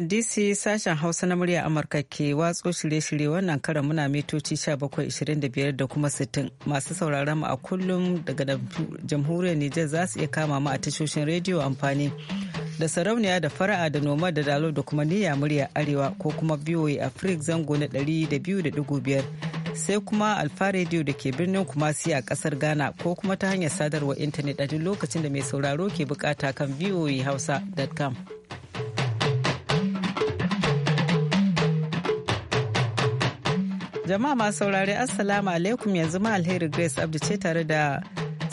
DC sashen Hausa na murya Amurka ke watso shirye-shirye wannan karan muna mitoci 1725 da kuma 60 masu sauraron mu a kullum daga jamhuriyar Nijar za su iya kama mu a tashoshin rediyo amfani da sarauniya da fara'a da noma da dalo da kuma niyya murya arewa ko kuma VOA Africa zango na 200.5 sai kuma alfa rediyo da ke birnin kumasi a kasar Ghana ko kuma ta hanyar sadarwar intanet a duk lokacin da mai sauraro ke bukata kan voahausa.com. Jama'a masu saurare Assalamu alaikum yanzu ma alheri Grace Abdu ce tare da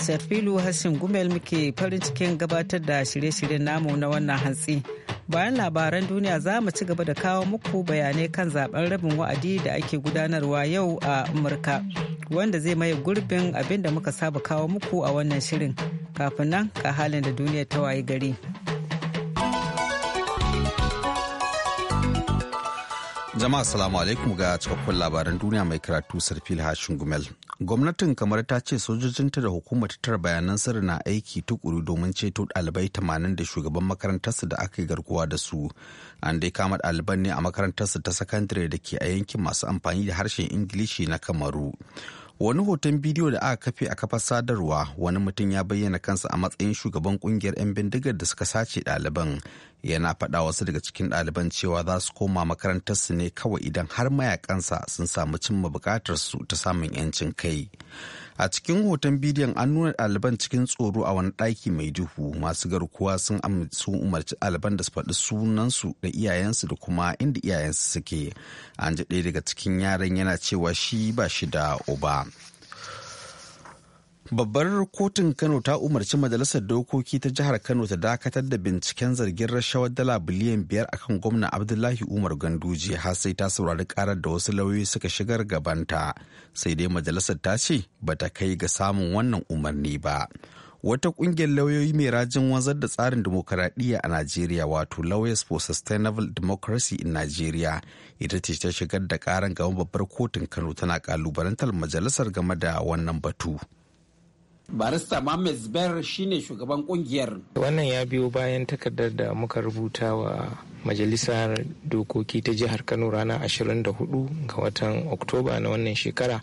Shafilu Hashim Gumel muke farin cikin gabatar da shirye-shiryen namu na wannan hantsi. Bayan labaran duniya za mu ci gaba da kawo muku bayanai kan zaben rabin wa'adi da ake gudanarwa yau a Amurka wanda zai maye gurbin abin da muka saba kawo muku a wannan shirin. Kafin nan ka halin da duniya ta wayi gari. Jama'a salamu alaikum ga cikakkun labaran duniya mai karatu sarfil hashin gumel. Gwamnatin kamar ta ce sojojinta da hukumar tattara bayanan sirri na aiki tukuru domin ceto ɗalibai tamanin da shugaban makarantarsu da aka yi garkuwa da su. An dai kama ɗaliban ne a makarantarsu ta sakandare da ke a yankin masu amfani da harshen Ingilishi na Kamaru. wani hoton bidiyo da aka kafe a kafar sadarwa wani mutum ya bayyana kansa a matsayin shugaban kungiyar 'yan bindigar da suka sace ɗaliban yana faɗa wasu daga cikin ɗaliban cewa za su koma makarantarsu ne kawai idan har mayakansa sun samu cimma bukatarsu ta samun 'yancin kai a cikin hoton bidiyon an nuna ɗaliban cikin tsoro a wani ɗaki mai duhu masu garkuwa sun umarci ɗaliban da su faɗi sunansu da iyayensu da kuma inda iyayensu suke an ji ɗaya daga cikin yaran yana cewa shi ba shi da uba Babbar kotun Kano ta umarci majalisar dokoki ta jihar Kano ta dakatar da binciken zargin rashawar dala biliyan biyar akan gwamna Abdullahi Umar Ganduje har sai ta saurari karar da wasu lauyoyi suka shigar gabanta. Sai dai majalisar ta ce ba ta kai ga samun wannan umarni ba. Wata ƙungiyar lauyoyi mai rajin wanzar da tsarin dimokuraɗiyya a Najeriya wato Lawyers for Sustainable Democracy in Nigeria ita ce ta shigar da karan gaban babbar kotun Kano tana kalubalantar majalisar game da wannan batu. barista Mohammed zubair shine shugaban kungiyar wannan ya biyo bayan takardar da muka rubuta wa majalisar dokoki ta jihar kano ranar 24 ga watan oktoba na wannan shekara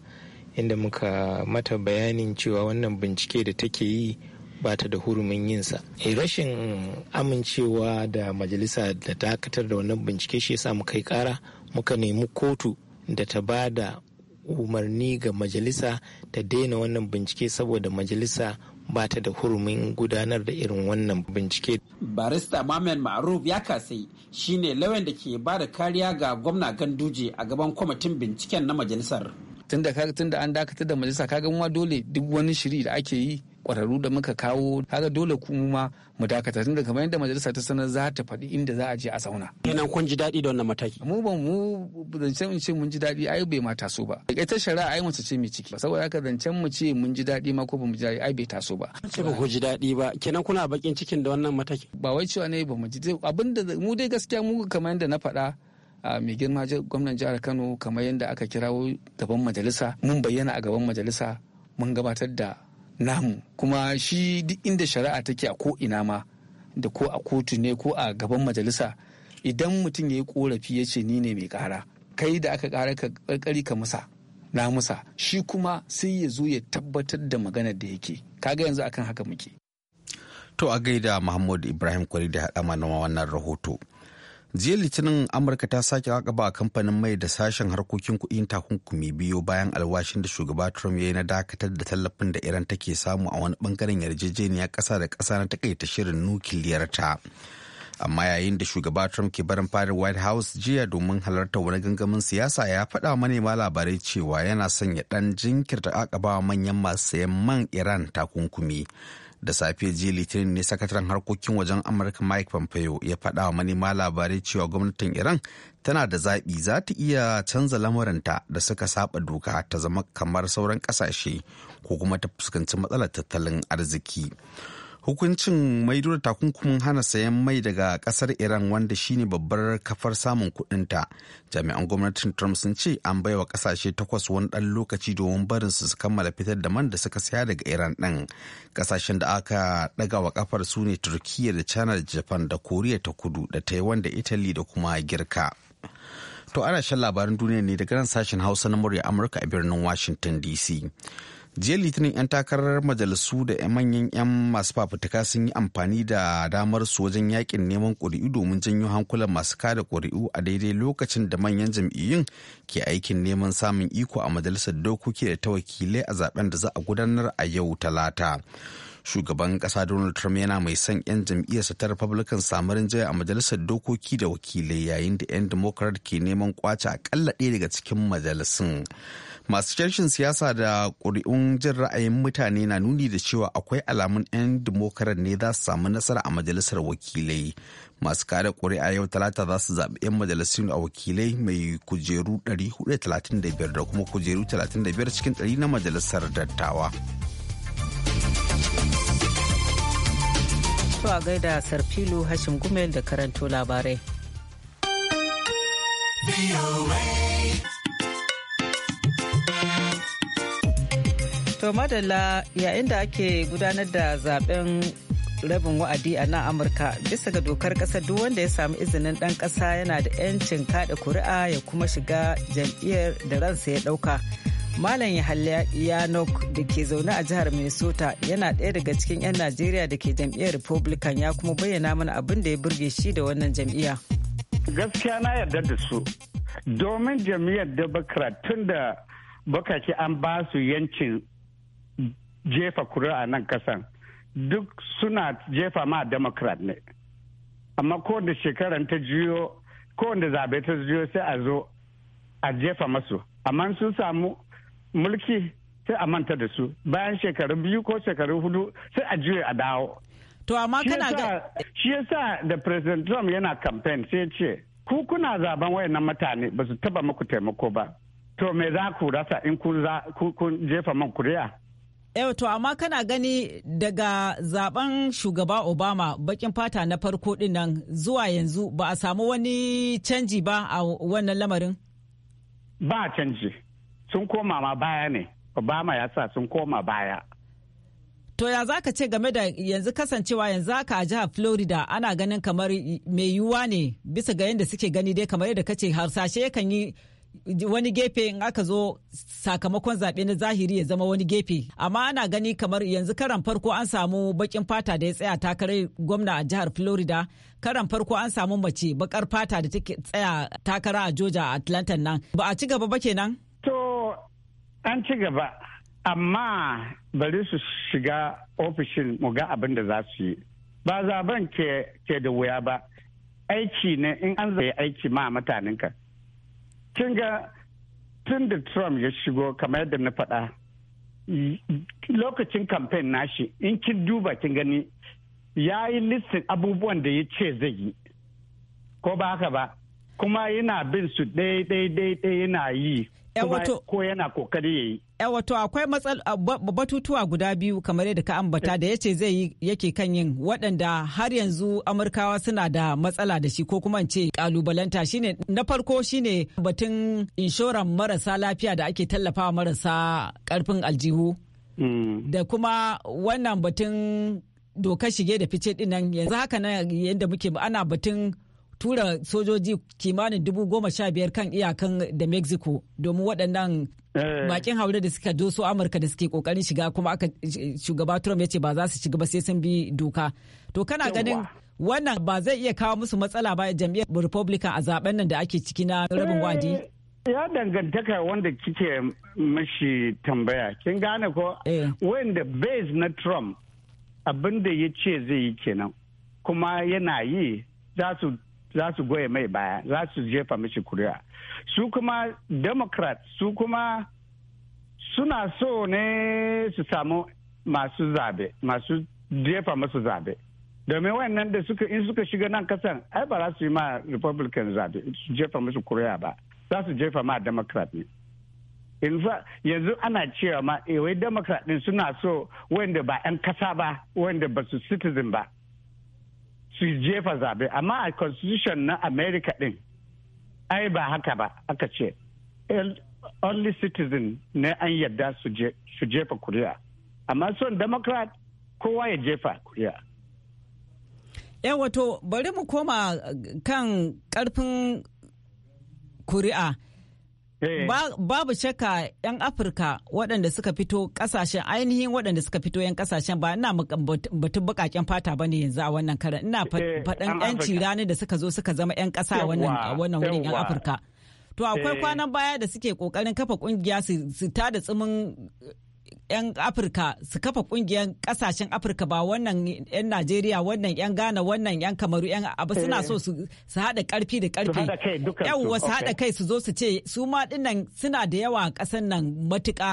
inda muka mata bayanin cewa wannan bincike da take yi ba ta da hurumin yinsa. Eh, rashin amincewa da majalisa da dakatar da wannan bincike shi yasa mu kai kara muka nemi kotu da ta bada umarni ga majalisa ta daina wannan bincike saboda majalisa ba ta da hurumin gudanar da irin wannan bincike. Barista mamman Ma'aruf ya kasai shine lauyan da ke ba da kariya ga gwamna Ganduje a gaban kwamitin binciken na majalisar. Tunda an dakatar da majalisa kaga ma dole duk wani shiri da ake yi kwararru da muka kawo haka dole kuma mu dakata tun da kamar yadda majalisa ta sanar za ta faɗi inda za a je a sauna. Ina kun ji daɗi da wannan mataki. Mu ban mu zancen mu ce mun ji daɗi ai bai ma taso ba. Da ita shari'a ai mace ce mai ciki. Saboda haka zancen mu ce mun ji daɗi ma ko ba mu ji daɗi ai bai taso ba. Ce ba ku ji daɗi ba kenan kuna bakin cikin da wannan mataki. Ba wai cewa ne ba mu ji abinda mu dai gaskiya mu kamar yadda na faɗa. a mai girma gwamnan jihar kano kamar yadda aka kirawo gaban majalisa mun bayyana a gaban majalisa mun gabatar da namu kuma shi duk inda shari'a take a ko'ina ma da ko a kotu ne ko a gaban majalisa idan mutum ya yi korafi ya ce ni ne mai kara kai da aka kara ka karkari ka musa na musa shi kuma sai ya zo ya tabbatar da maganar da yake kaga yanzu akan haka muke to a gaida muhammad ibrahim kwari da haɗa mana wannan rahoto jiya litinin amurka ta sake a kamfanin mai da sashen harkokin kuɗin takunkumi biyu bayan alwashin da shugaba trump ya yi na dakatar da tallafin da iran take samu a wani bangaren yarjejeniya ƙasa da ƙasa na takaita shirin nukiliyar ta amma yayin da shugaba trump ke barin fadar white house jiya domin halartar wani gangamin siyasa ya faɗa manema labarai cewa yana sanya ɗan jinkirta akaba manyan masu sayan man iran takunkumi da safe jiya litinin ne sakataren harkokin wajen amurka mike pompeo ya faɗa wa manema labarai cewa gwamnatin iran tana da zaɓi za ta iya canza lamuranta da suka saba doka ta zama kamar sauran ƙasashe ko kuma ta fuskanci matsalar tattalin arziki hukuncin mai da takunkumin hana sayan mai daga kasar iran wanda shine babbar kafar samun kudinta jami'an gwamnatin trump sun ce an baiwa kasashe takwas wani dan lokaci domin barin su kammala fitar da man da suka saya daga iran din kasashen da aka daga wa kafar su ne turkiya da china da japan da koriya ta kudu da taiwan da italy da kuma girka to ana shan labaran duniya ne daga nan sashen hausa na murya amurka a birnin washington dc jiya litinin 'yan takarar majalisu da manyan 'yan masu fafutuka sun yi amfani da damar su wajen yakin neman ƙuri'u domin janyo hankulan masu kada ƙuri'u a daidai lokacin da manyan jam'iyyun ke aikin neman samun iko a majalisar dokoki da ta wakilai a zaben da za a gudanar a yau talata shugaban kasa donald trump yana mai son 'yan jam'iyyarsa ta republican samu rinjaye a majalisar dokoki da wakilai yayin da 'yan democrat ke neman kwace akalla ɗaya daga cikin majalisun masu sharshin siyasa da ƙuri'un jin ra'ayin mutane na nuni da cewa akwai alamun 'yan democrat ne za su samu nasara a majalisar wakilai masu kare ƙuri'a yau talata za su zaɓi 'yan majalisun a wakilai mai kujeru 435 da kuma kujeru 35 cikin 100 na majalisar dattawa. so a gaida Sarfilu Hashim Gumel da karanto labarai. To madalla yayin da ake gudanar da zaben rabin wa'adi a nan amurka bisa ga dokar kasa duk wanda ya samu izinin dan kasa yana da 'yancin kada kuri'a ya kuma shiga jam'iyyar da ransa ya dauka Malam Yahalla Yanok da ke zaune a jihar Minnesota yana ɗaya daga cikin 'yan Najeriya da ke jam'iyyar Republican ya kuma bayyana mana abin da ya burge shi da wannan jam'iyya. Gaskiya na yarda da su. Domin jam'iyyar Democrat tun da bakaki an ba su yancin jefa kuri'a nan kasan duk suna jefa ma Democrat ne. Amma ko da shekaran ta juyo, ko da zabe ta juyo sai a zo a jefa masu. Amma sun samu mulki sai a manta da su bayan shekaru biyu ko shekaru hudu sai a juya a dawo. To amma kana ga shi yasa da President Trump yana campaign sai ya ce ku kuna zaben wayannan mutane ba su taba muku taimako ba. To me za ku rasa in kun jefa man kuriya? Eh to amma kana gani daga zaben shugaba Obama bakin fata na farko din nan zuwa yanzu ba a samu wani canji ba a wannan lamarin? Ba canji. sun koma ma baya ne obama ya sa sun koma baya To ya za ka ce game da yanzu kasancewa yanzu haka a jihar Florida ana ganin kamar mai yiwuwa ne bisa ga yadda suke gani dai kamar yadda kace harsashe yakan yi wani gefe in aka zo sakamakon zaɓe na zahiri ya zama wani gefe amma ana gani kamar yanzu karan farko an samu bakin fata da ya tsaya takarar gwamna a jihar florida karan farko an samu mace bakar fata da take tsaya takara a georgia a atlanta nan ba a ci gaba ba kenan an ci gaba amma bari su shiga ofishin mu ga abin da za su yi ba zaben ke da wuya ba aiki ne in an zai aiki ma mutanenka kin ga tun da trump ya shigo kamar yadda na faɗa lokacin kamfen nashi in kin duba kin gani ya yi listin abubuwan da ya ce zai yi ko ba haka ba kuma yana bin su ɗaya ɗaya ɗaya yana yi ko yana kokari ya yi. wato akwai batutuwa guda biyu kamar yadda ka ambata da ya ce zai yi yake kan yin waɗanda har yanzu amurkawa suna da matsala da shi ko kuma ce kalubalanta shine na farko shine batun inshoran marasa lafiya da ake tallafawa marasa karfin aljihu mm. da kuma wannan batun doka shige da fice dinan yanzu haka na yadda muke ana batun tura sojoji kimanin dubu goma sha biyar kan iyakan da mexico domin waɗannan bakin eh. haure da suka doso amurka da suke kokarin shiga kuma aka shugaba trump ya ce ba za su shiga ba sai sun bi doka to kana ganin wannan ba zai iya kawo musu matsala ba jam'iyyar republican a zaben nan da ake ciki na rabin eh, wadi ya dangantaka wanda kike mashi tambaya kin gane ko eh. wanda base na trump abin da ya ce zai yi kenan kuma yana yi za su za su goya mai baya za su jefa mishi kuri'a su kuma democrat su kuma suna so ne su samu masu zabe masu jefa masu zabe domin wannan da suka in suka shiga nan kasan ai ba za su yi ma republican zabe su jefa musu kuri'a ba za su jefa ma democrat ne yanzu ana cewa ma eh, wai democrat din suna so wanda ba 'yan kasa ba wanda ba su citizen ba su jefa zabe amma a constitution na america din ai ba haka ba aka ce only citizen ne an yadda su jefa kuri'a amma son democrat kowa ya jefa kuri'a yan wato bari mu koma kan karfin kuri'a Eh. Babu shakka 'yan Afirka waɗanda suka fito ƙasashen ainihin waɗanda suka fito 'yan ƙasashen ba ina batun baƙaƙen fata ba ne yanzu a wannan karan ina eh, faɗan 'yanci ranar da suka zo suka zama 'yan ƙasa a wannan wurin 'yan Afirka. To akwai eh. kwanan baya da suke ƙoƙarin kafa ƙungiya su ta da tsimin 'yan afirka su kafa kungiyar kasashen afirka ba wannan 'yan najeriya wannan 'yan ghana wannan 'yan kamaru 'yan abu suna so su haɗa karfi da karfi yawwa su haɗa kai su zo su ce su ma dinnan suna da yawa a ƙasar nan matuka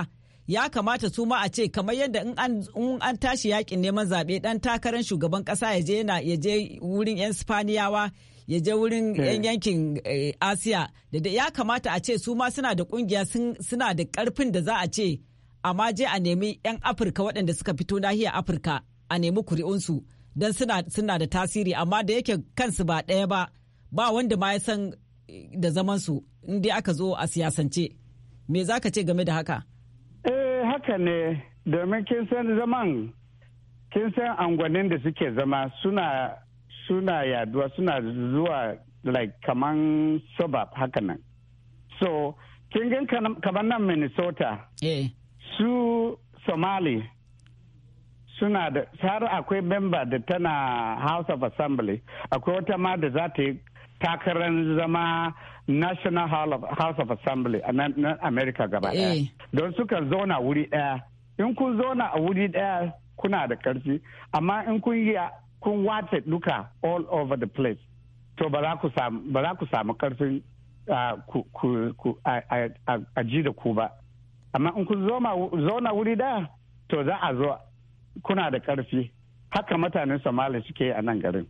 ya kamata su ma a ce kamar yadda in an tashi yakin neman zaɓe dan takarar shugaban kasa ya je yana ya je wurin 'yan spaniyawa ya je wurin 'yan eh. yankin eh, asiya da ya kamata a ce su ma suna da kungiya suna da karfin da za a ce amma je a nemi 'yan afirka waɗanda suka fito nahiyar afirka a nemi kuri'unsu don suna da tasiri amma da yake kansu ba ɗaya ba ba wanda ma ya san eh, da zamansu inda aka zo a siyasance me za ka ce game da haka eh haka ne domin kin san zaman kin san angwanin da suke zama suna suna yaduwa suna zuwa like kaman suburb haka nan so kin gan kaman nan minnesota eh su somali suna da har akwai memba da tana house of assembly akwai wata ma da za ta yi takarar zama national house of assembly a nan america gaba daya eh. don suka zauna wuri daya in kun zauna a wuri daya kuna da karfi amma in kun yi kun wace duka all over the place to ba za ku samu karfin ah, a ji da ku ba amma in ku zauna wuri da to za a zo kuna da karfi haka mutanen somali suke a nan garin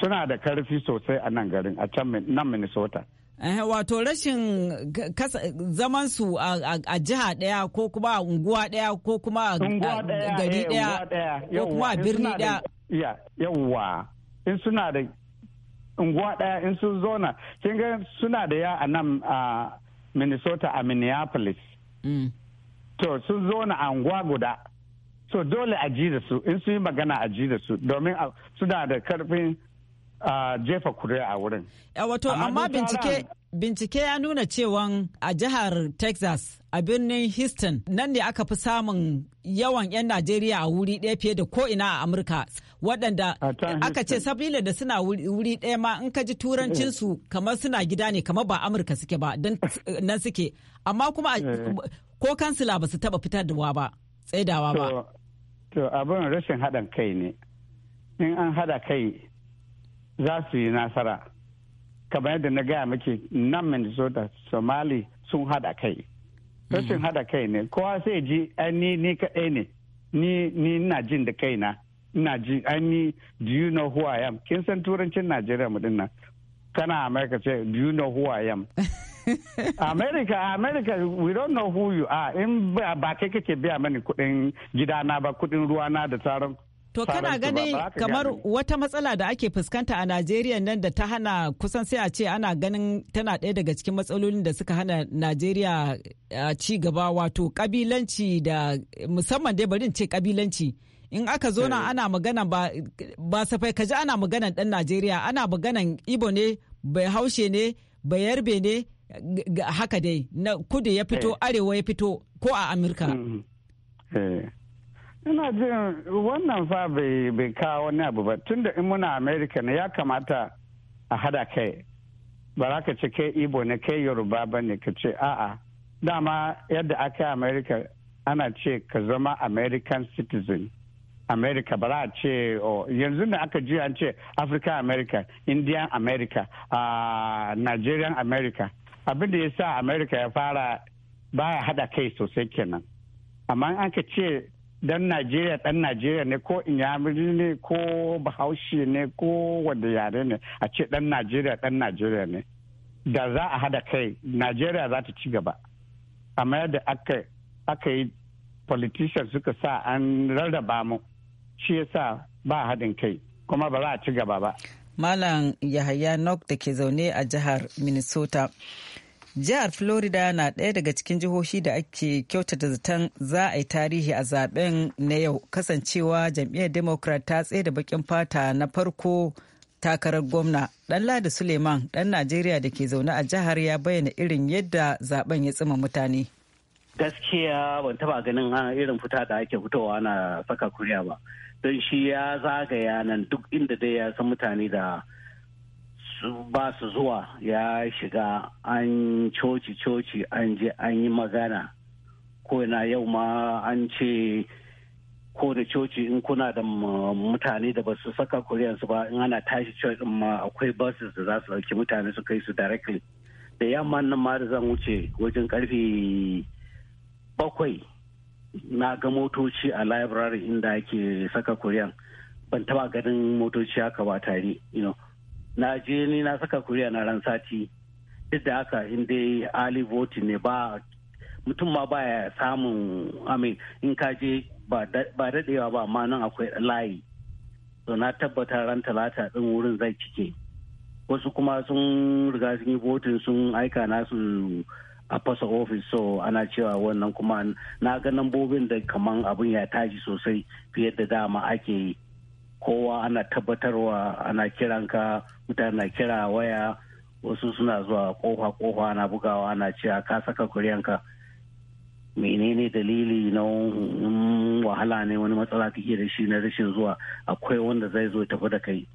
suna da karfi sosai a nan garin a can nan minnesota eh, wato rashin zaman su a jiha daya ko kuma a unguwa daya ko kuma a gari daya eh, ko kuma a birni daya yawwa in suna da unguwa daya in sun zona kin ga suna da ya a nan minnesota a minneapolis mm. to sun zo na anguwa guda so dole a ji da su in sun yi magana a ji da su domin suna da karfin jefa kuri'a a wurin. Eh, wato, amma bincike bincike ya nuna cewa a jihar Texas a birnin Houston nan ne aka fi samun yawan 'yan Najeriya a wuri ɗaya fiye da ko'ina a Amurka waɗanda aka ce sabila da suna wuri ɗaya ma in ka ji turancinsu eh. kamar suna gida ne kamar ba Amurka suke ba don nan suke amma kuma eh. ko kansila ba su taɓa fitarwa ba tsaidawa ba. To abin rashin haɗin kai ne in an haɗa kai za su yi nasara kamar yadda na gaya miki nan minnesota somali sun hada kai sun mhm. hada kai ne kowa sai ji ni ni kaɗai ne ni ni ina jin da kaina ina ji ni do you know who i am kin san turancin najeriya mu dinnan kana america ce do you know who i am america america we don't know who you are in ba kai kake biya mani kudin gidana ba kudin ruwana da taron To kana ganin kamar wata matsala da ake fuskanta a Najeriya nan da ta hana kusan sai a ce ana ganin tana ɗaya daga cikin matsalolin da suka hana Najeriya ci gaba wato kabilanci da musamman dai bari in ce kabilanci. in aka zo na eh. ana magana ba, safai kaji ana maganan dan najeriya ana maganan ibo ne bai haushe ne bai yarbe ne haka dai na kudu ya fito eh. arewa ya fito ko a amurka mm-hmm. eh. ina jin wannan fa bai kawo wani abu ba tunda in muna america ne ya kamata a hada kai ba za ka ce kai ibo ne kai yoruba ba ne ka ce a'a dama yadda aka yi america ana ce ka zama american citizen america ba za a ce yanzu da aka ji an ce african america indian america nigerian america abin da ya sa america ya fara baya hada kai sosai kenan amma an ka ce dan najeriya dan najeriya ne ko inyamiri ne ko bahaushe ne ko wanda yare ne a ce dan najeriya dan najeriya ne da za a hada kai najeriya za ta ci gaba amma yadda aka yi politicians suka sa an rarraba mu shi yasa ba hadin kai kuma ba za a ci gaba ba malam yahaya nok da ke zaune a jihar minnesota jihar florida na ɗaya daga cikin jihohi da ake kyautata zaton za a yi tarihi a zaben na yau kasancewa jam'iyyar democrat ta tsaye da bakin fata na farko takarar gwamna dan ladi suleiman dan najeriya da ke zaune a jihar ya bayyana irin yadda zaben ya tsima mutane gaskiya ban taba ganin ah, irin fita da ake fitowa na saka kuriya ba don shi ya zagaya nan duk inda dai ya san mutane da su ba su zuwa ya shiga an coci coci an je an yi magana ko na yau ma an ce ko da coci in kuna da mutane da ba su saka su ba in ana tashi coci din ma akwai buses da za su dauki mutane su kai su directly da yamma nan ma da zan wuce wajen karfe bakwai na ga motoci a library inda ake saka kuriyan ban taba ganin motoci haka ba tare you know na je ni na saka kuriya na ran sati duk da haka in dai ali voting ne ba mutum ma ba ya samun amin in ka je ba daɗewa ba amma nan akwai layi to na tabbata ran talata ɗin wurin zai cike wasu kuma sun riga sun yi voting sun aika nasu a fasa ofis so ana cewa wannan kuma na ga nambobin da kaman abin ya tashi sosai fiye da dama ake yi kowa ana tabbatarwa ana kiranka mutane na kira waya wasu suna zuwa kofa kofa ana bugawa ana cewa ka saka kuryanka menene dalili na wahala ne wani matsala kake da shi na rashin zuwa akwai wanda zai zo tafi da kai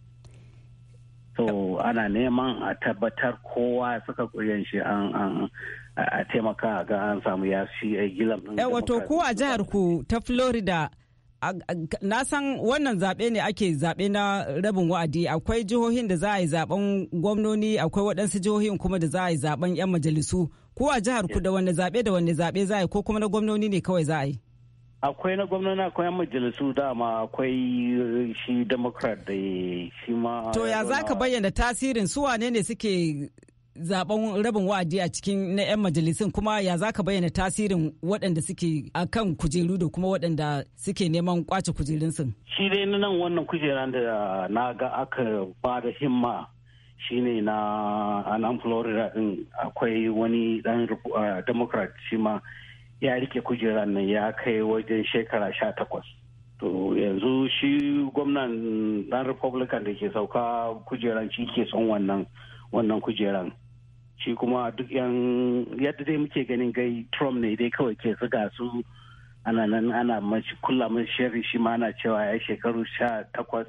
so ana neman a tabbatar kowa saka kuryan shi an a taimaka ga an samu ya shi a eh, gilam eh, wato ko a jihar ku ta florida na san wannan zaɓe ne ake zaɓe na rabin wa'adi akwai jihohin da za a yi zaɓen gwamnoni akwai waɗansu jihohin kuma da za a yi zaɓen 'yan majalisu ko a jihar ku da wanne zaɓe da wanne zaɓe za a yi ko kuma na gwamnoni ne kawai za a yi akwai na gwamnoni akwai 'yan majalisu dama akwai shi democrat da shi ma to ya za ka bayyana tasirin su wane ne suke zaben rabin wa'adi a cikin na 'yan majalisun kuma ya za ka bayyana tasirin waɗanda suke a kan kujeru da kuma waɗanda suke neman kwace kujerunsu. shi dai na nan wannan kujeran da na ga aka ba da himma shine na anan florida din akwai wani dan democrat shi ma ya rike kujeran nan ya kai wajen shekara sha takwas to yanzu shi gwamnan dan republican da ke sauka kujeran shi ke son wannan wannan kujeran shi kuma duk yan yadda dai muke ganin gai trump ne dai kawai ke zuga su ana nan ana mashi kula sharri shi ma ana cewa ya shekaru sha takwas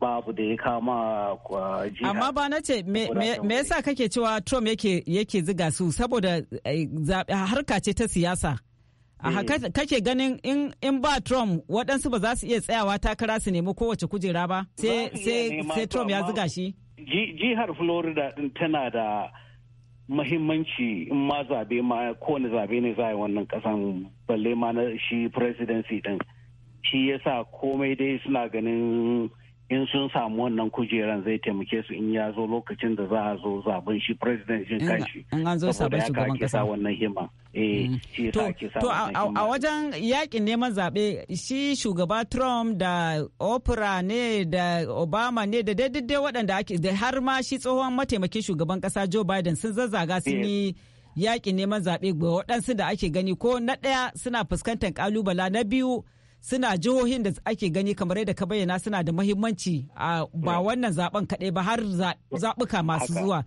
babu da ya kama kwa jiha. Amma ba na ce me yasa kake cewa Trump yake yake ziga su saboda eh, harka ce ta siyasa. A eh. kake ganin in ba Trump waɗansu ba za su iya tsayawa takara su nemi kowace kujera ba sai Trump ya ziga shi. jihar florida din tana da mahimmanci in ma zabe ma kowane zabe ne za a yi wannan kasan balle ma na shi presidency din shi yasa komai dai suna ganin in sun samu wannan kujeran zai taimake su in ya zo lokacin da za a zo zaben shi president shi kanshi in an zo sabon shugaban kasa wannan hima eh mm. shi to a wajen yakin neman zabe shi shugaba Trump da Oprah ne da Obama ne da daidai waɗanda ake da har ma shi tsohon mataimakin shugaban kasa Joe Biden sun zazzaga sun yi yakin neman zabe waɗansu da ake gani ko na ɗaya suna fuskantar kalubala na biyu suna jihohin da ake gani kamar yadda ka bayyana suna da muhimmanci a ba wannan zaben kaɗai ba har zaɓuka masu zuwa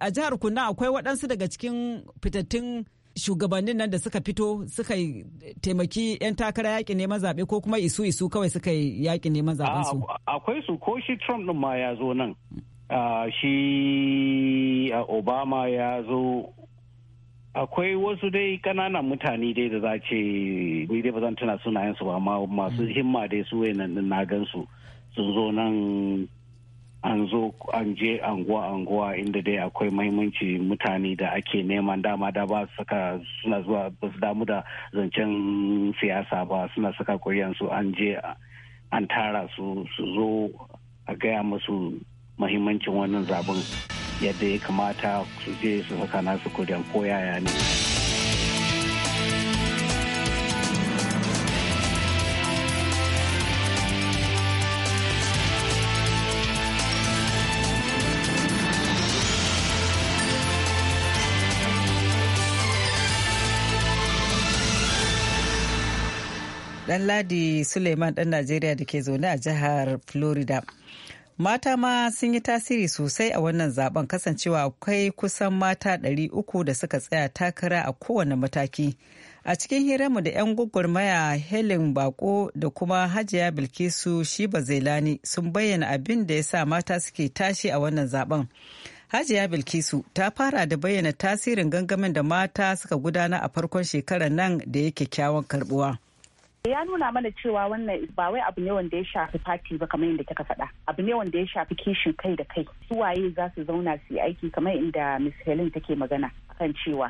a jihar kuna akwai waɗansu daga cikin fitattun shugabannin nan da suka fito suka taimaki 'yan takara yaƙi neman zaɓe ko kuma isu isu kawai suka yi yaƙi neman zaɓen su akwai su ko shi trump ɗin ma ya zo nan ah, shi ah, obama ya zo akwai wasu dai kananan mutane dai da za ce ni dai ba zan tuna sunayensu ba amma masu mm. himma dai su wayannan na na gansu sun zo nan an zo an je anguwa anguwa inda dai akwai mahimmanci mutane da ake neman dama da ba saka suna zuwa ba su damu da zancen siyasa ba suna saka su an je an tara su su zo a gaya masu mahimmancin wannan zaben yadda ya kamata su je su saka nasu kudin ko yaya ne. Dan Ladi Suleiman ɗan Najeriya da ke zaune a jihar Florida. mata ma sun yi tasiri sosai a wannan zaben kasancewa akwai kusan mata ɗari uku da suka tsaya takara a kowane mataki a cikin hiranmu da 'yan gwagwarmaya helen bako da kuma hajiya bilkisu shiba zelani sun bayyana abin da ya sa mata suke tashi a wannan zaben hajiya bilkisu ta fara da bayyana tasirin gangamin da mata suka gudana a farkon shekarar nan da ya kyakkyawan karbuwa ya nuna mana cewa wannan ba wai abu ne wanda ya shafi fati ba kamar inda kika faɗa abu ne wanda ya shafi kishin kai da kai suwaye za su zauna su yi aiki kamar inda miss helen take magana kan cewa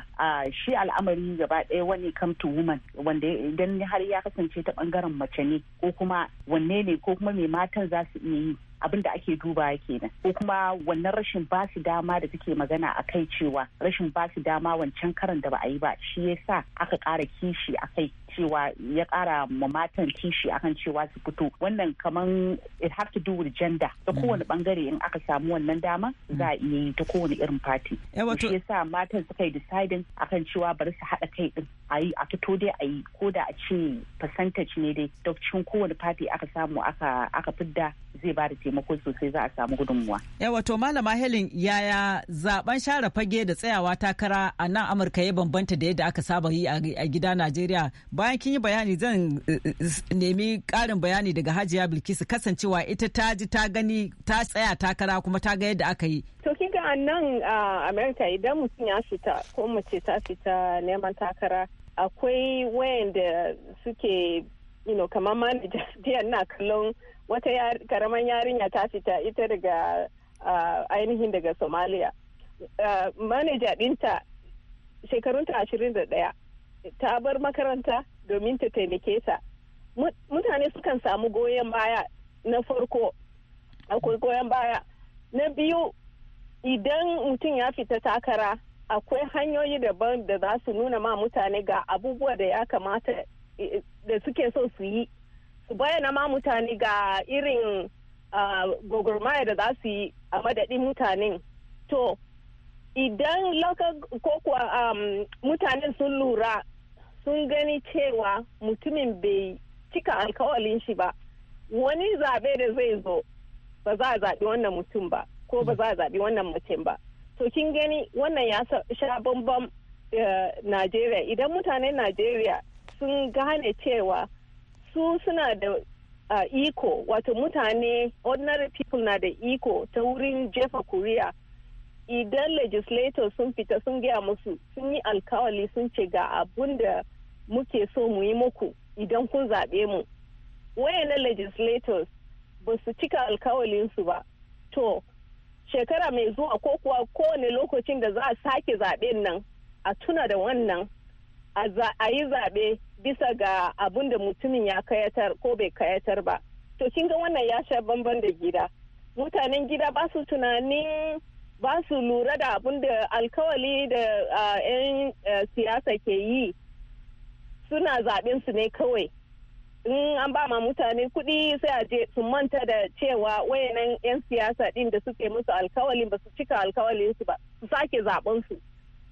shi al'amari gaba ɗaya wani come to woman wanda idan har ya kasance ta bangaren mace ne ko kuma wanne ne ko kuma mai matan za su iya yi abin da ake duba kenan ko kuma wannan rashin basu dama da take magana a kai cewa rashin basu dama wancan karan da ba a yi ba shi yasa aka kara kishi a kai cewa ya kara ma matan kishi akan cewa su fito wannan kaman it have to do with gender ta mm. kowane bangare in aka samu wannan dama mm. za a iya yi ta kowane irin fati eh, shi yasa matan suka yi deciding akan cewa bari su haɗa kai din a yi a fito dai a yi ko da a ce percentage ne dai da cikin kowane fati aka samu aka aka fidda zai ba da taimako sosai za a samu gudunmuwa yawa eh, to malama helen yaya zaben share fage da tsayawa takara a nan amurka ya bambanta da yadda aka saba yi a gida najeriya bayan bayan kin yi bayani zan eh, eh, nemi karin bayani daga hajiya bilkisu kasancewa ita ta ji ta gani ta tsaya takara kuma ta ga yadda aka yi to kin ga nan a america idan mutum ya fita ko mace ta fita neman takara akwai wayanda suke you know kamar manager dia na kallon wata karaman yarinya ta fita ita daga ainihin daga somalia manager dinta shekarunta ashirin da daya ta bar makaranta domin ta taimake ta mutane sukan samu goyon baya na farko akwai goyon baya na biyu idan mutum ya fita takara akwai hanyoyi daban da za su nuna ma mutane ga abubuwa da ya kamata da suke so su yi su bayyana ma mutane ga irin gwagwarmaya da za su yi a madadin mutanen to idan lokacin ko kuwa mutanen sun lura sun gani cewa mutumin bai cika alkawalin shi ba wani zabe da zai zo ba za a zaɓi wannan mutum ba ko ba za a zaɓi wannan mutum ba to kin gani wannan ya sha bambam eh, najeriya idan mutanen najeriya sun gane cewa su suna da ah, iko wato mutane ordinary people na da iko ta wurin jefa kuriya. idan legislators sun fita sun gaya musu sun yi alkawali sun ce ga abun da muke so mu yi muku idan kun zaɓe mu wayannan legislators ba su cika alkawalinsu ba to shekara mai zuwa ko kuwa kowane lokacin da za a sake zaɓen nan a tuna da wannan a yi zaɓe bisa ga abun da mutumin ya kayatar ko bai kayatar ba to kin ga wannan ya sha bamban da gida mutanen gida ba su tunanin ba su lura da abin da alkawali da 'yan siyasa ke yi suna zaɓen su ne kawai in an ba ma mutane kuɗi sai a je su manta da cewa wayanan 'yan siyasa ɗin da suke musu alkawalin ba su cika alkawalin su ba su sake su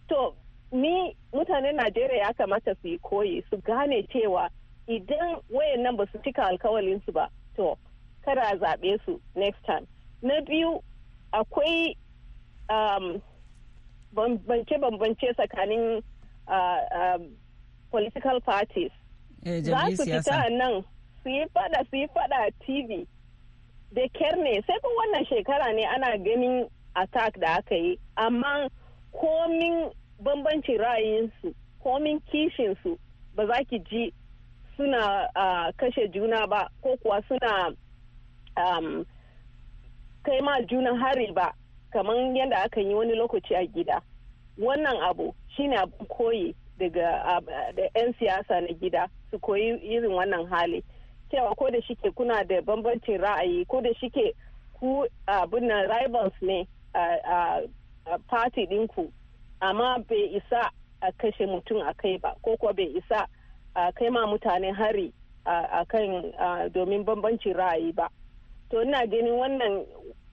to ni mutanen najeriya ya kamata su yi koyi su gane cewa idan wayannan ba su cika alkawalin su ba to kada a zaɓe su next time na biyu akwai bambance-bambance um, tsakanin uh, um, political parties eh, za su fita nan su yi fada su yi fada tv da kyar ne sai kun wannan shekara ne ana ganin attack da aka yi amma komin bambancin ra'ayinsu komin kishinsu ba za ki ji suna uh, kashe juna ba ko kuwa suna um, kai ma juna hari ba kamar yadda aka yi wani lokaci a gida wannan abu shine abu koyi daga da 'yan siyasa na gida su koyi irin wannan hali cewa ko da shike kuna da bambancin ra'ayi ko da shike ku abin nan rivals ne a party dinku amma bai isa a kashe mutum a kai ba ko kuwa bai isa a kai ma mutane hari a kan domin bambancin ra'ayi ba to ina ganin wannan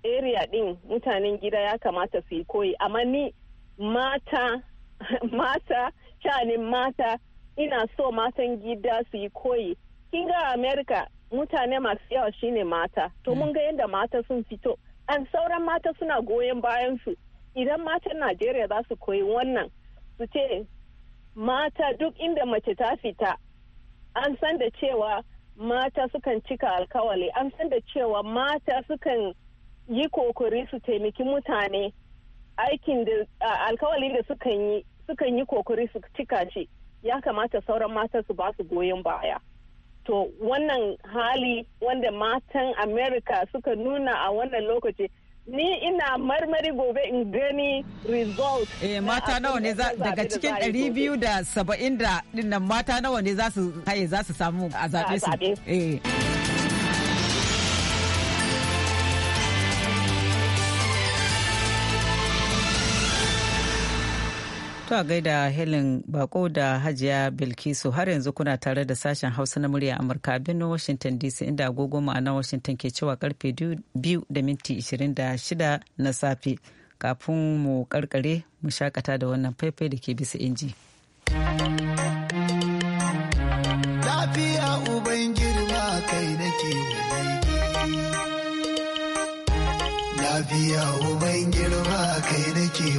area din mutanen gida ya kamata su yi koyi amma ni mata mata shanin mata ina so matan gida su yi koyi kin ga america mutane masu yawa shine mata to mun ga yadda mata sun fito an sauran mata suna goyon bayan su idan matan najeriya za su koyi wannan su ce mata duk inda mace ta fita an san da cewa mata sukan cika alkawali an san da cewa mata sukan yi kokari su taimaki mutane aikin da alkawalin da sukan yi sukan yi kokari su cika shi ya kamata sauran mata su ba su goyon baya to wannan hali wanda matan america suka nuna a wannan lokaci ni ina marmari gobe in gani result eh mata nawa ne daga cikin biyu da saba'in da mata nawa ne za su haye za su samu a zaɓe su eh a gaida Helen Bako da Hajiya Bilkisu har yanzu kuna tare da sashen Hausa na murya Amurka Birnin Washington DC inda agogo ma'ana Washington ke cewa karfe 2 da minti na safe. Kafin mu karkare mu shakata da wannan faifai da ke bisa inji. Lafiya uban girma kai nake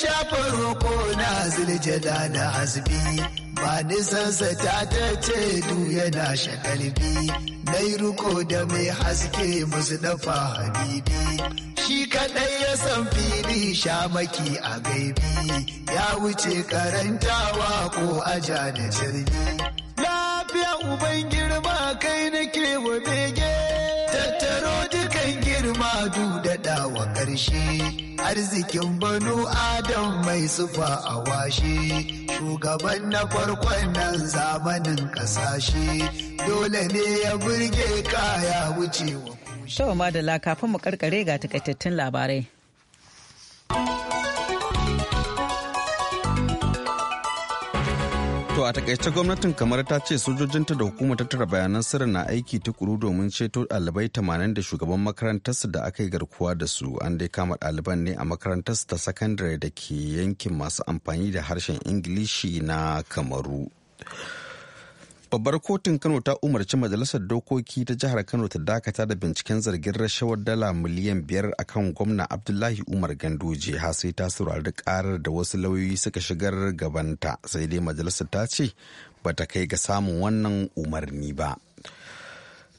shafa roƙo na ziljada da hasbi ba nisansa ta ta ce du yana shakalbi nai ruko da mai haske musu dafa habibi shi kaɗai ya san fili shamaki a gaibi ya wuce karantawa ko aja da jirgi lafiya uban girma kai nake wa bege tattaro dukan girma duda shi arzikin banu adam mai sufa a washe shugaban na farkon nan zamanin kasashe dole ne ya burge kaya wucewa. Shawa Madala kafin mu karkare ga takaitattun labarai. To a takaice gwamnatin kamar ta ce sojojinta da hukumar tattara bayanan sirri na aiki tukuru domin ceto ɗalibai tamanin da shugaban makarantarsu da aka yi garkuwa da su an dai kama ɗaliban ne a makarantarsu ta sakandare da ke yankin masu amfani da harshen ingilishi na kamaru. babbar kotun kano ta umarci majalisar dokoki ta jihar kano ta dakata da binciken zargin rashawar dala miliyan biyar a kan gwamna abdullahi umar ganduje har sai ta saurari karar da wasu lauyoyi suka shigar gabanta sai dai majalisar ta ce bata kai ga samun wannan umarni ba.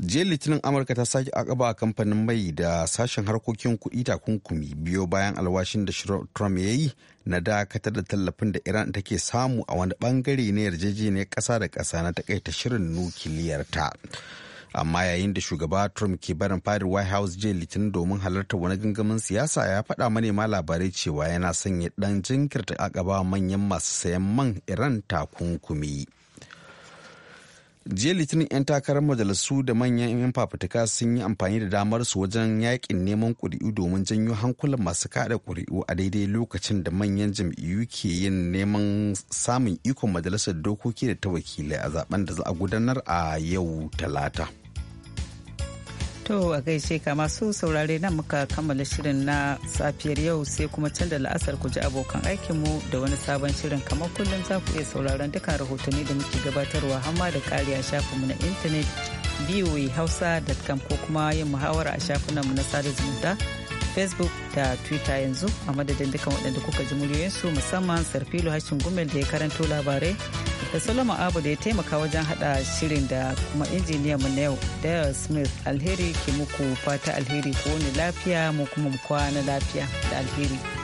jiya litinin amurka ta sake akaba a kamfanin mai da sashen harkokin kuɗi takunkumi biyo bayan alwashin da trump ya yi na dakatar da tallafin da iran take samu a wani bangare na yarjejeniyar kasa da ƙasa na takaita shirin nukiliyar ta amma yayin da shugaba trump ke barin fadar white house jiya litinin domin halartar wani gangamin siyasa ya faɗa manema labarai cewa yana sanya ɗan jinkirta akaba manyan masu sayan man iran takunkumi. jiya litinin 'yan takarar majalisu da manyan 'yan fafutuka sun yi amfani da damar su wajen yakin neman kuri'u domin janyo hankulan masu kada kuri'u a daidai lokacin da manyan jam'iyyu ke yin neman samun ikon majalisar dokoki da ta wakilai a zaben da za a gudanar a yau talata. To a gaishe ka masu saurare nan muka kammala shirin na safiyar yau sai kuma can da la'asar ku ji abokan aikinmu da wani sabon shirin kamar kullum za ku iya sauraron dukkan rahotanni da muke gabatarwa hamma da kari a shafinmu na intanet voahausa.com ko kuma yin muhawara a shafinanmu na sada zumunta facebook da twitter yanzu a madadin dukkan waɗanda kuka ji muryoyinsu musamman sarfilo hashin gumel da ya karanto labarai da solomon abu da ya taimaka wajen hada shirin da kuma injiniyan mu na yau dale smith alheri ke muku fata alheri ko wani lafiya mu kuma kwana lafiya da alheri.